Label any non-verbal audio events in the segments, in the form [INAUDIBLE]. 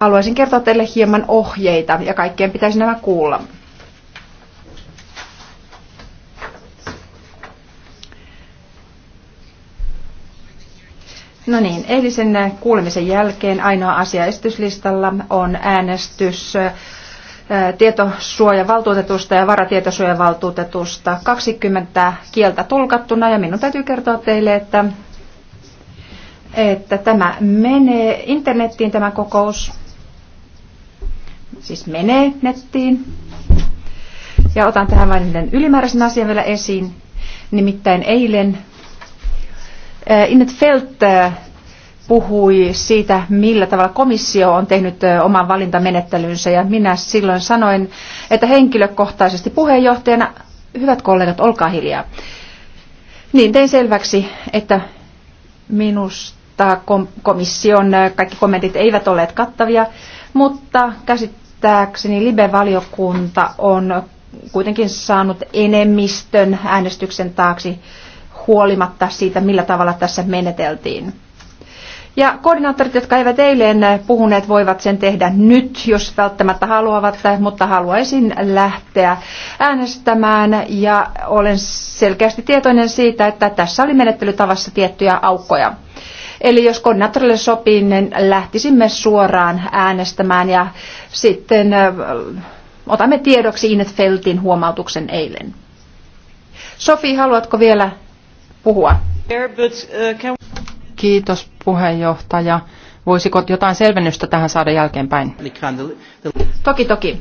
haluaisin kertoa teille hieman ohjeita ja kaikkien pitäisi nämä kuulla. No niin, eilisen kuulemisen jälkeen ainoa asia esityslistalla on äänestys tietosuojavaltuutetusta ja varatietosuojavaltuutetusta. 20 kieltä tulkattuna ja minun täytyy kertoa teille, että, että tämä menee internettiin tämä kokous siis menee nettiin. Ja otan tähän vain yhden ylimääräisen asian vielä esiin. Nimittäin eilen eh, Innet Felt eh, puhui siitä, millä tavalla komissio on tehnyt eh, oman valintamenettelynsä ja minä silloin sanoin, että henkilökohtaisesti puheenjohtajana, hyvät kollegat, olkaa hiljaa. Niin tein selväksi, että minusta komission kaikki kommentit eivät olleet kattavia, mutta käsit käsittääkseni Libe-valiokunta on kuitenkin saanut enemmistön äänestyksen taakse huolimatta siitä, millä tavalla tässä meneteltiin. Ja koordinaattorit, jotka eivät eilen puhuneet, voivat sen tehdä nyt, jos välttämättä haluavat, mutta haluaisin lähteä äänestämään. Ja olen selkeästi tietoinen siitä, että tässä oli menettelytavassa tiettyjä aukkoja. Eli jos koordinaattorille sopii, niin lähtisimme suoraan äänestämään ja sitten otamme tiedoksi Inetfeltin huomautuksen eilen. Sofi, haluatko vielä puhua? Uh, Kiitos puheenjohtaja. Voisiko jotain selvennystä tähän saada jälkeenpäin? Toki, toki.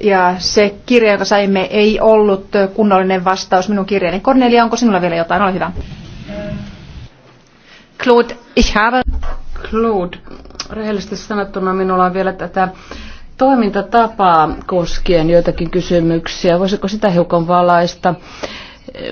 Ja se kirja, jonka saimme, ei ollut kunnollinen vastaus minun kirjeeni. Kornelia, onko sinulla vielä jotain? Ole hyvä. Claude, ich habe... Claude, rehellisesti sanottuna minulla on vielä tätä toimintatapaa koskien joitakin kysymyksiä. Voisiko sitä hiukan valaista?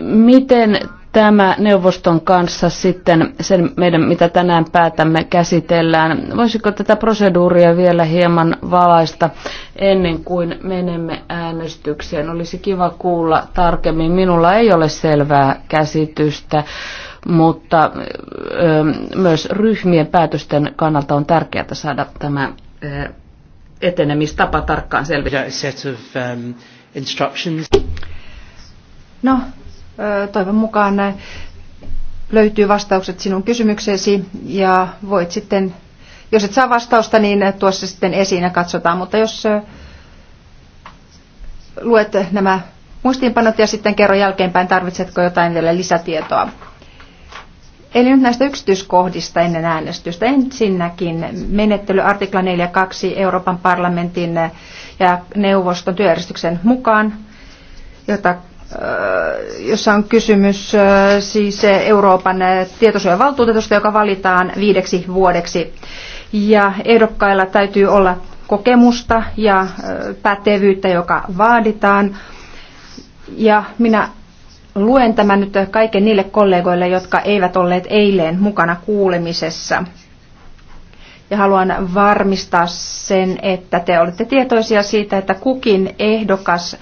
Miten tämä neuvoston kanssa sitten sen meidän, mitä tänään päätämme, käsitellään. Voisiko tätä proseduuria vielä hieman valaista ennen kuin menemme äänestykseen? Olisi kiva kuulla tarkemmin. Minulla ei ole selvää käsitystä mutta myös ryhmien päätösten kannalta on tärkeää saada tämä etenemistapa tarkkaan selvitetyksi. Um, no, toivon mukaan löytyy vastaukset sinun kysymykseesi ja voit sitten, jos et saa vastausta, niin tuossa sitten esiin ja katsotaan, mutta jos luet nämä muistiinpanot ja sitten kerro jälkeenpäin, tarvitsetko jotain vielä lisätietoa. Eli nyt näistä yksityiskohdista ennen äänestystä. Ensinnäkin menettely artikla 4.2 Euroopan parlamentin ja neuvoston työjärjestyksen mukaan, jota, äh, jossa on kysymys äh, siis Euroopan tietosuojavaltuutetusta, joka valitaan viideksi vuodeksi. Ja ehdokkailla täytyy olla kokemusta ja äh, pätevyyttä, joka vaaditaan. Ja minä Luen tämän nyt kaiken niille kollegoille, jotka eivät olleet eilen mukana kuulemisessa. Ja haluan varmistaa sen, että te olette tietoisia siitä, että kukin ehdokas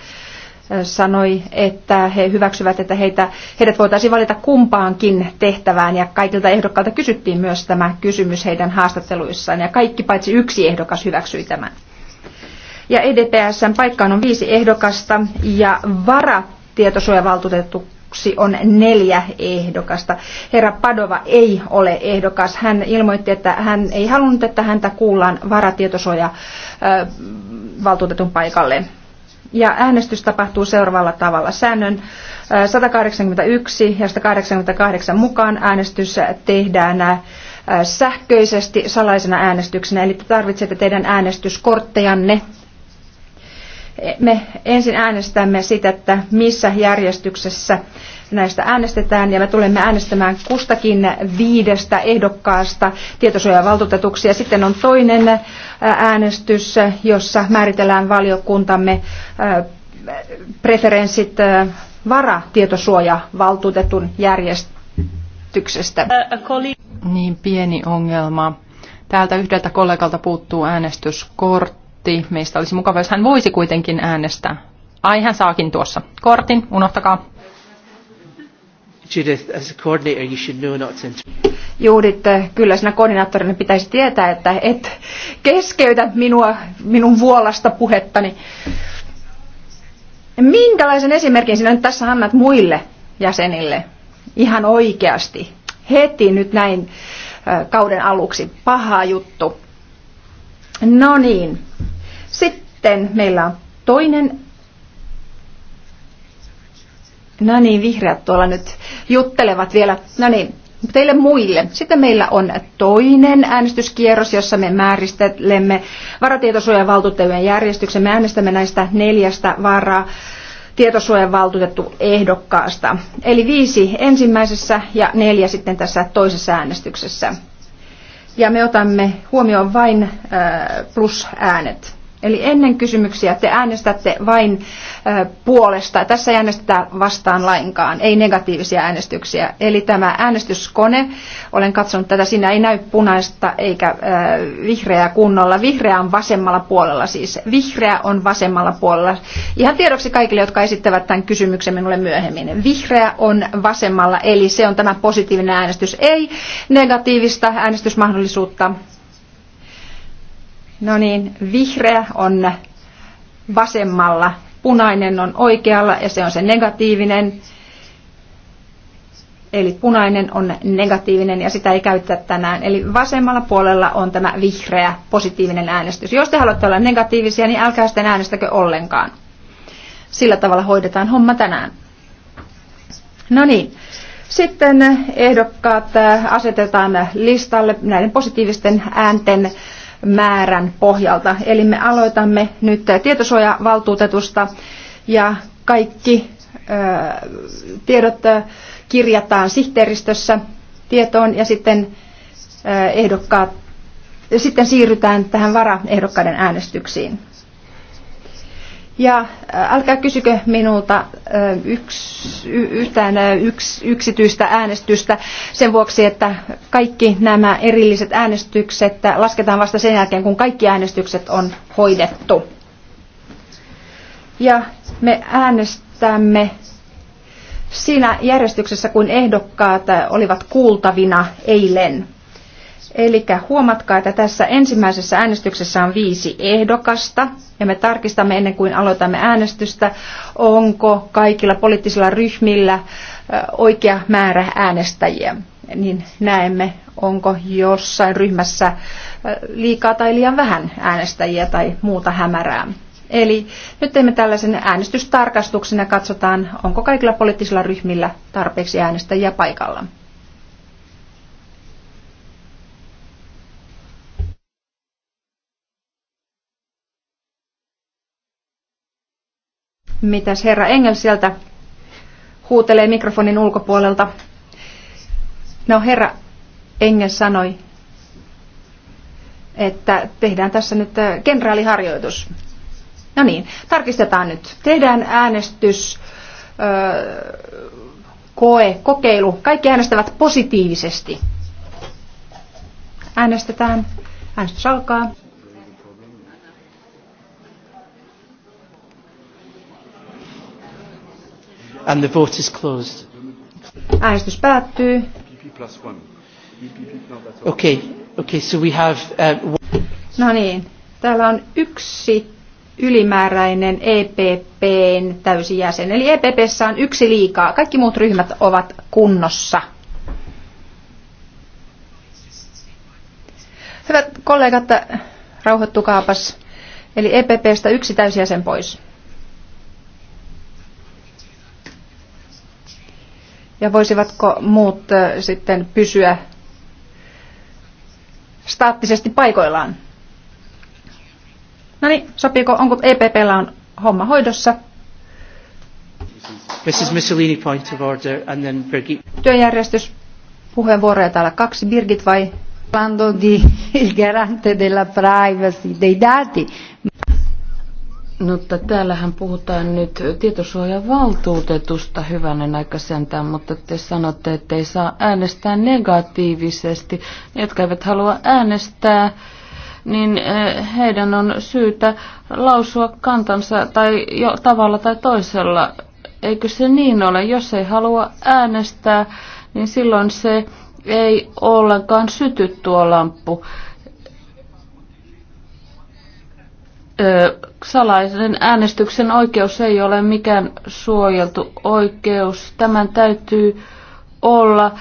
sanoi, että he hyväksyvät, että heitä, heidät voitaisiin valita kumpaankin tehtävään. Ja kaikilta ehdokkailta kysyttiin myös tämä kysymys heidän haastatteluissaan. Ja kaikki paitsi yksi ehdokas hyväksyi tämän. Ja EDPSn paikkaan on viisi ehdokasta ja varat tietosuojavaltuutettu on neljä ehdokasta. Herra Padova ei ole ehdokas. Hän ilmoitti, että hän ei halunnut, että häntä kuullaan vara-tietosuoja-valtuutetun paikalle. Ja äänestys tapahtuu seuraavalla tavalla. Säännön 181 ja 188 mukaan äänestys tehdään sähköisesti salaisena äänestyksenä, eli te tarvitsette teidän äänestyskorttejanne me ensin äänestämme sitä, että missä järjestyksessä näistä äänestetään ja me tulemme äänestämään kustakin viidestä ehdokkaasta tietosuojavaltuutetuksi. Ja sitten on toinen äänestys, jossa määritellään valiokuntamme preferenssit varatietosuojavaltuutetun järjestyksestä. Niin pieni ongelma. Täältä yhdeltä kollegalta puuttuu äänestyskortti Monti, meistä olisi mukava, jos hän voisi kuitenkin äänestää. Ai, hän saakin tuossa kortin, unohtakaa. Judith, as a coordinator, you should know not to kyllä sinä koordinaattorina pitäisi tietää, että et keskeytä minua, minun vuolasta puhettani. Minkälaisen esimerkin sinä nyt tässä annat muille jäsenille? Ihan oikeasti. Heti nyt näin kauden aluksi. Paha juttu. No niin, sitten meillä on toinen. No niin, vihreät tuolla nyt juttelevat vielä. No niin, teille muille. Sitten meillä on toinen äänestyskierros, jossa me määristelemme varatietosuojavaltuutettujen järjestyksen. Me äänestämme näistä neljästä varaa valtuutettu ehdokkaasta. Eli viisi ensimmäisessä ja neljä sitten tässä toisessa äänestyksessä. Ja me otamme huomioon vain plus äh, plusäänet. Eli ennen kysymyksiä te äänestätte vain puolesta. Tässä ei äänestetä vastaan lainkaan, ei negatiivisia äänestyksiä. Eli tämä äänestyskone, olen katsonut tätä, siinä ei näy punaista eikä vihreää kunnolla. Vihreä on vasemmalla puolella siis. Vihreä on vasemmalla puolella. Ihan tiedoksi kaikille, jotka esittävät tämän kysymyksen minulle myöhemmin. Vihreä on vasemmalla, eli se on tämä positiivinen äänestys. Ei negatiivista äänestysmahdollisuutta No niin, vihreä on vasemmalla, punainen on oikealla ja se on se negatiivinen. Eli punainen on negatiivinen ja sitä ei käytetä tänään. Eli vasemmalla puolella on tämä vihreä positiivinen äänestys. Jos te haluatte olla negatiivisia, niin älkää sitten äänestäkö ollenkaan. Sillä tavalla hoidetaan homma tänään. No niin, sitten ehdokkaat asetetaan listalle näiden positiivisten äänten määrän pohjalta. Eli me aloitamme nyt tietosuojavaltuutetusta ja kaikki tiedot kirjataan sihteeristössä tietoon ja sitten ehdokkaat sitten siirrytään tähän varaehdokkaiden äänestyksiin. Ja äh, älkää kysykö minulta äh, yksi, yhtään äh, yksi, yksityistä äänestystä sen vuoksi, että kaikki nämä erilliset äänestykset lasketaan vasta sen jälkeen, kun kaikki äänestykset on hoidettu. Ja me äänestämme siinä järjestyksessä, kun ehdokkaat olivat kuultavina eilen. Eli huomatkaa, että tässä ensimmäisessä äänestyksessä on viisi ehdokasta ja me tarkistamme ennen kuin aloitamme äänestystä, onko kaikilla poliittisilla ryhmillä oikea määrä äänestäjiä. Niin näemme, onko jossain ryhmässä liikaa tai liian vähän äänestäjiä tai muuta hämärää. Eli nyt teemme tällaisen äänestystarkastuksen ja katsotaan, onko kaikilla poliittisilla ryhmillä tarpeeksi äänestäjiä paikalla. Mitä herra Engel sieltä huutelee mikrofonin ulkopuolelta. No herra Engel sanoi, että tehdään tässä nyt äh, kenraaliharjoitus. No niin, tarkistetaan nyt. Tehdään äänestys, öö, koe, kokeilu. Kaikki äänestävät positiivisesti. Äänestetään. Äänestys alkaa. And the vote is closed. Äänestys päättyy. Okay, okay, so we have... Uh, no niin, täällä on yksi ylimääräinen EPPn täysi jäsen. Eli EPPssä on yksi liikaa. Kaikki muut ryhmät ovat kunnossa. Hyvät kollegat, rauhoittukaapas. Eli EPPstä yksi täysjäsen pois. Ja voisivatko muut sitten pysyä staattisesti paikoillaan? No niin, sopiiko, onko EPPllä on homma hoidossa? Mrs. Mussolini, point of order, and then Birgit. Työjärjestys, puheenvuoroja täällä kaksi, Birgit vai? Parlando di il garante della privacy, dei dati. No, että täällähän puhutaan nyt tietosuojavaltuutetusta hyvänen aika sentään, mutta te sanotte, että ei saa äänestää negatiivisesti. Ne, jotka eivät halua äänestää, niin eh, heidän on syytä lausua kantansa tai jo tavalla tai toisella. Eikö se niin ole? Jos ei halua äänestää, niin silloin se ei ollenkaan syty tuo lamppu. salaisen äänestyksen oikeus ei ole mikään suojeltu oikeus. Tämän täytyy olla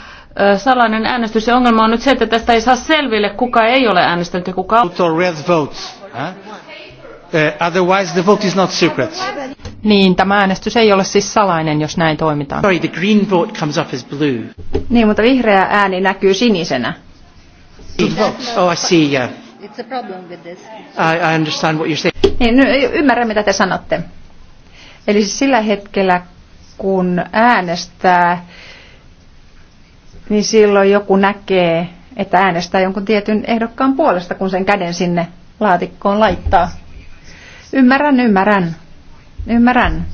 salainen äänestys. Ja ongelma on nyt se, että tästä ei saa selville, kuka ei ole äänestänyt ja kuka on. otherwise the vote is not secret. Niin, tämä äänestys ei ole siis salainen, jos näin toimitaan. Sorry, the green vote comes up as blue. Niin, mutta vihreä ääni näkyy sinisenä. Oh, I see, yeah. I, I understand what you're saying. Niin, no, ymmärrän, mitä te sanotte. Eli siis sillä hetkellä, kun äänestää, niin silloin joku näkee, että äänestää jonkun tietyn ehdokkaan puolesta, kun sen käden sinne laatikkoon laittaa. Ymmärrän, ymmärrän. Ymmärrän.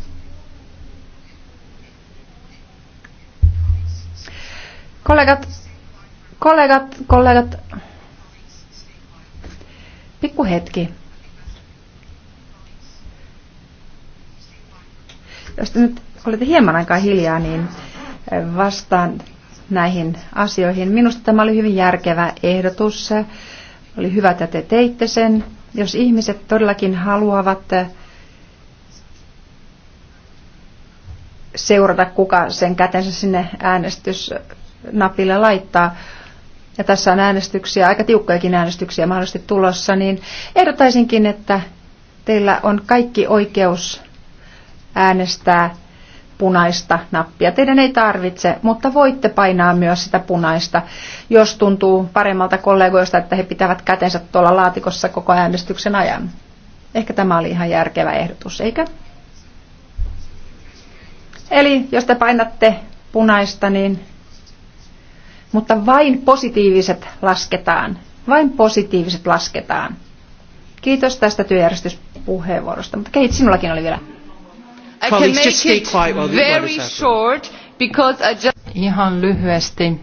Kollegat, kollegat, kollegat, Pikku hetki. Jos te nyt olette hieman aikaa hiljaa, niin vastaan näihin asioihin. Minusta tämä oli hyvin järkevä ehdotus. Oli hyvä, että te teitte sen. Jos ihmiset todellakin haluavat seurata, kuka sen kätensä sinne äänestysnapille laittaa, ja tässä on äänestyksiä, aika tiukkojakin äänestyksiä mahdollisesti tulossa, niin ehdottaisinkin, että teillä on kaikki oikeus äänestää punaista nappia. Teidän ei tarvitse, mutta voitte painaa myös sitä punaista, jos tuntuu paremmalta kollegoista, että he pitävät kätensä tuolla laatikossa koko äänestyksen ajan. Ehkä tämä oli ihan järkevä ehdotus, eikö? Eli jos te painatte punaista, niin mutta vain positiiviset lasketaan. Vain positiiviset lasketaan. Kiitos tästä työjärjestyspuheenvuorosta. Mutta kehit, sinullakin oli vielä. I can make it very short because I just... Ihan lyhyesti.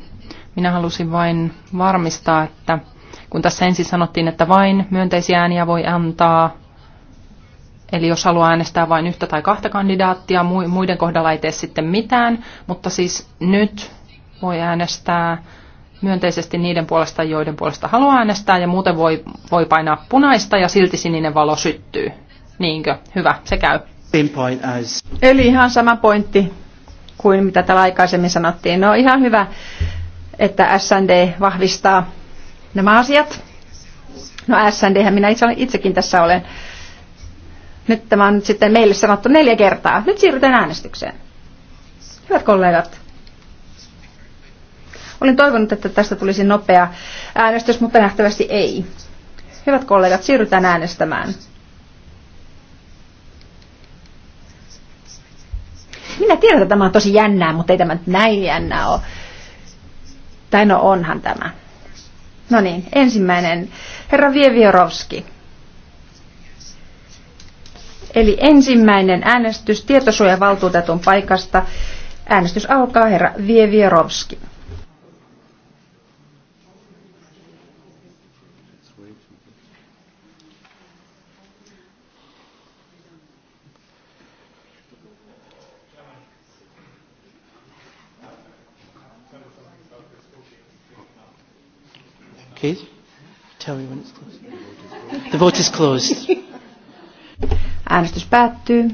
Minä halusin vain varmistaa, että kun tässä ensin sanottiin, että vain myönteisiä ääniä voi antaa, Eli jos haluaa äänestää vain yhtä tai kahta kandidaattia, muiden kohdalla ei tee sitten mitään, mutta siis nyt voi äänestää myönteisesti niiden puolesta, joiden puolesta haluaa äänestää, ja muuten voi, voi painaa punaista ja silti sininen valo syttyy. Niinkö? Hyvä, se käy. Eli ihan sama pointti kuin mitä täällä aikaisemmin sanottiin. No ihan hyvä, että SND vahvistaa nämä asiat. No SND, minä itse, itsekin tässä olen. Nyt tämä on sitten meille sanottu neljä kertaa. Nyt siirrytään äänestykseen. Hyvät kollegat, Olin toivonut, että tästä tulisi nopea äänestys, mutta nähtävästi ei. Hyvät kollegat, siirrytään äänestämään. Minä tiedän, että tämä on tosi jännää, mutta ei tämä nyt näin jännää ole. Tai no onhan tämä. No niin, ensimmäinen. Herra Vievierovski, Eli ensimmäinen äänestys tietosuojavaltuutetun paikasta. Äänestys alkaa, herra Vievierovski. Please tell me when it's closed. The vote is closed. [LAUGHS] Äänestys päättyy.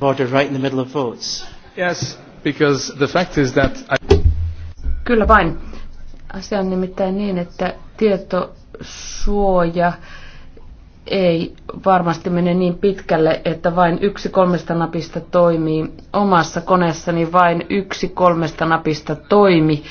Order right in the middle of votes. Yes, because the fact is that I... Kyllä vain. Asia on nimittäin niin, että tietosuoja ei varmasti mene niin pitkälle, että vain yksi kolmesta napista toimii. Omassa koneessani vain yksi kolmesta napista toimi,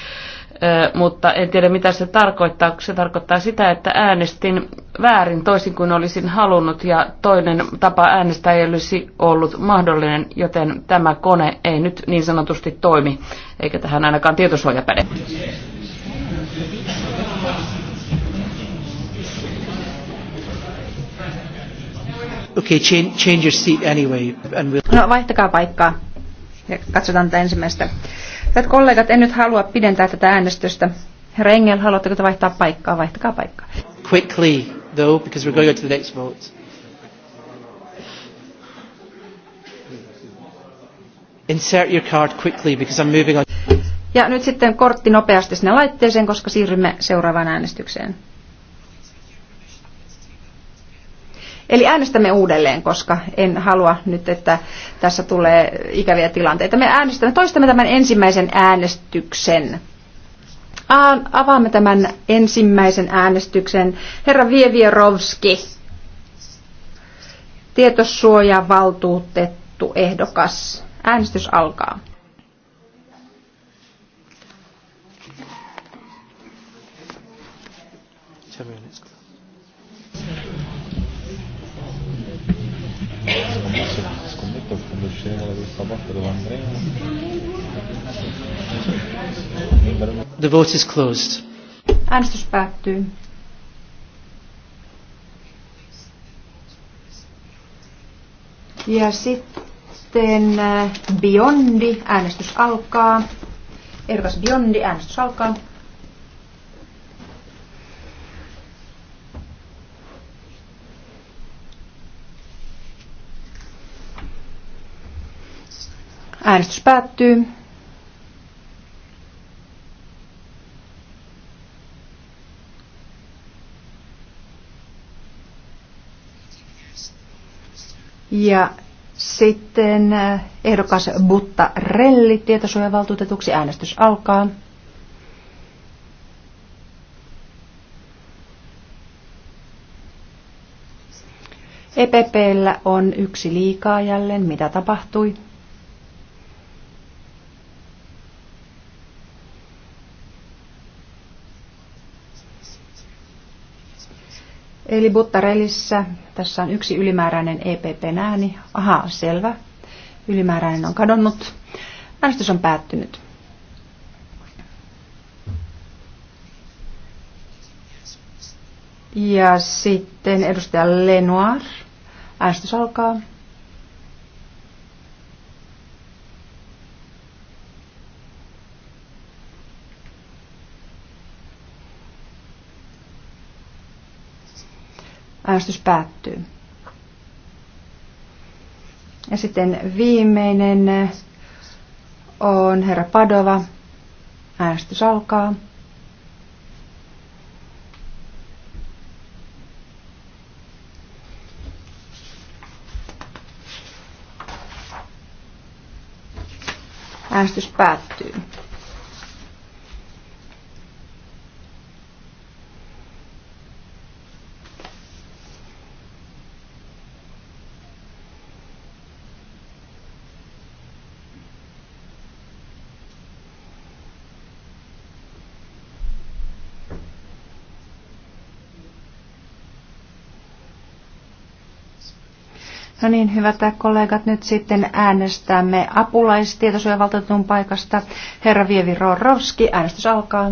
mutta en tiedä mitä se tarkoittaa. Se tarkoittaa sitä, että äänestin väärin toisin kuin olisin halunnut ja toinen tapa äänestää ei olisi ollut mahdollinen, joten tämä kone ei nyt niin sanotusti toimi, eikä tähän ainakaan tietosuoja päde. Okay, change, change your seat anyway. And we'll... No vaihtakaa paikkaa ja katsotaan tätä ensimmäistä. Hyvät kollegat, en nyt halua pidentää tätä äänestystä. Herra Engel, haluatteko te vaihtaa paikkaa? Vaihtakaa paikkaa. Quickly, though, because we're going to the next vote. Insert your card quickly, because I'm moving on. Ja nyt sitten kortti nopeasti sinne laitteeseen, koska siirrymme seuraavaan äänestykseen. Eli äänestämme uudelleen, koska en halua nyt, että tässä tulee ikäviä tilanteita. Me äänestämme, toistamme tämän ensimmäisen äänestyksen. Avaamme tämän ensimmäisen äänestyksen. Herra Vievierovski, tietosuojavaltuutettu ehdokas. Äänestys alkaa. Seven minutes. scommetto che quando usciremo da questa porta dove andremo The vote is closed. Äänestys päättyy. Ja sitten äh, Biondi, äänestys alkaa. Erkas Biondi, äänestys alkaa. Äänestys päättyy. Ja sitten äh, ehdokas Butta Relli tietosuojavaltuutetuksi äänestys alkaa. EPPllä on yksi liikaa jälleen. Mitä tapahtui? Eli Buttarellissa, tässä on yksi ylimääräinen EPP nääni Aha, selvä. Ylimääräinen on kadonnut. Äänestys on päättynyt. Ja sitten edustaja Lenoir. Äänestys alkaa. Äänestys päättyy. Ja sitten viimeinen on herra Padova. Äänestys alkaa. Äänestys päättyy. No niin, hyvät kollegat, nyt sitten äänestämme apulaistietosuojavaltuutetun paikasta. Herra Vievi Rorowski, äänestys alkaa.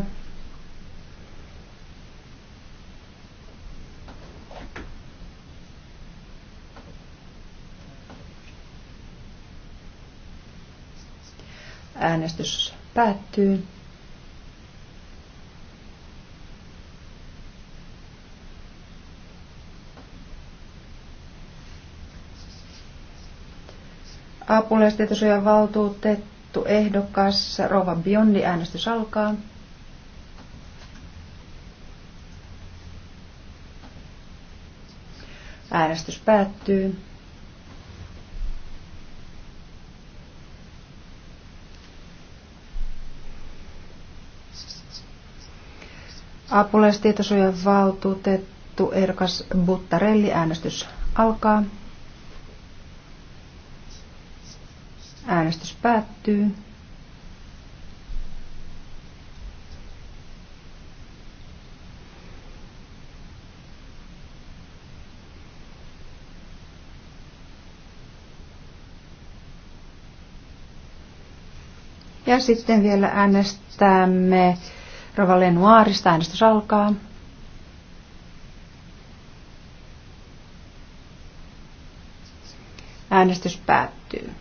Äänestys päättyy. Apulaistietosuojan valtuutettu ehdokas Rova Biondi, äänestys alkaa. Äänestys päättyy. Apulaistietosuojan valtuutettu Erkas Buttarelli, äänestys alkaa. Äänestys päättyy. Ja sitten vielä äänestämme Rova Lenoirista. Äänestys alkaa. Äänestys päättyy.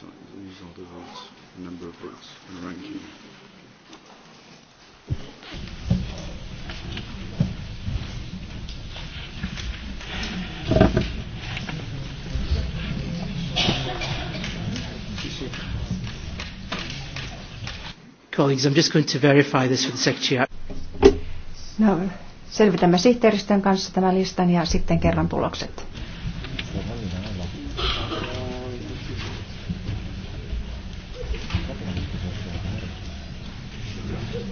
these are the votes, the number of votes and the ranking. Colleagues, I'm just going to verify this with the Secretary. No, selvitämme sihteeristön kanssa tämän listan ja sitten kerran tulokset.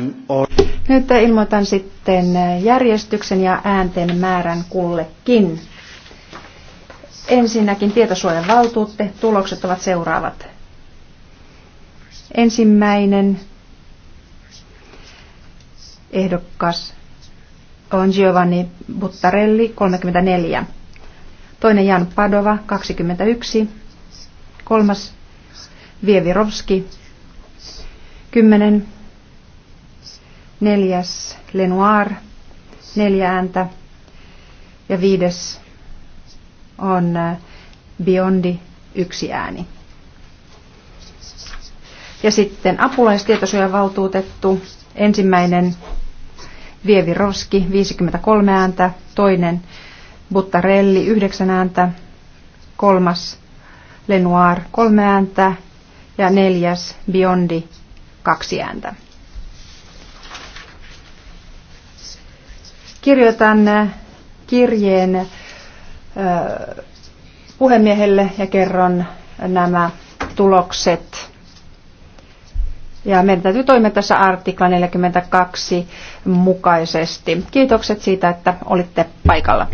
Um, Nyt ilmoitan sitten äh, järjestyksen ja äänten määrän kullekin. Ensinnäkin tietosuojan valtuutte. Tulokset ovat seuraavat. Ensimmäinen ehdokas on Giovanni Buttarelli 34. Toinen Jan Padova 21. Kolmas Vievirovski 10, neljäs Lenoir, neljä ääntä ja viides on äh, Biondi, yksi ääni. Ja sitten valtuutettu ensimmäinen Vievi Roski, 53 ääntä, toinen Buttarelli, 9 ääntä, kolmas Lenoir, 3 ääntä ja neljäs Biondi, kaksi ääntä. Kirjoitan äh, kirjeen äh, puhemiehelle ja kerron nämä tulokset. Ja meidän täytyy toimia tässä artikla 42 mukaisesti. Kiitokset siitä, että olitte paikalla.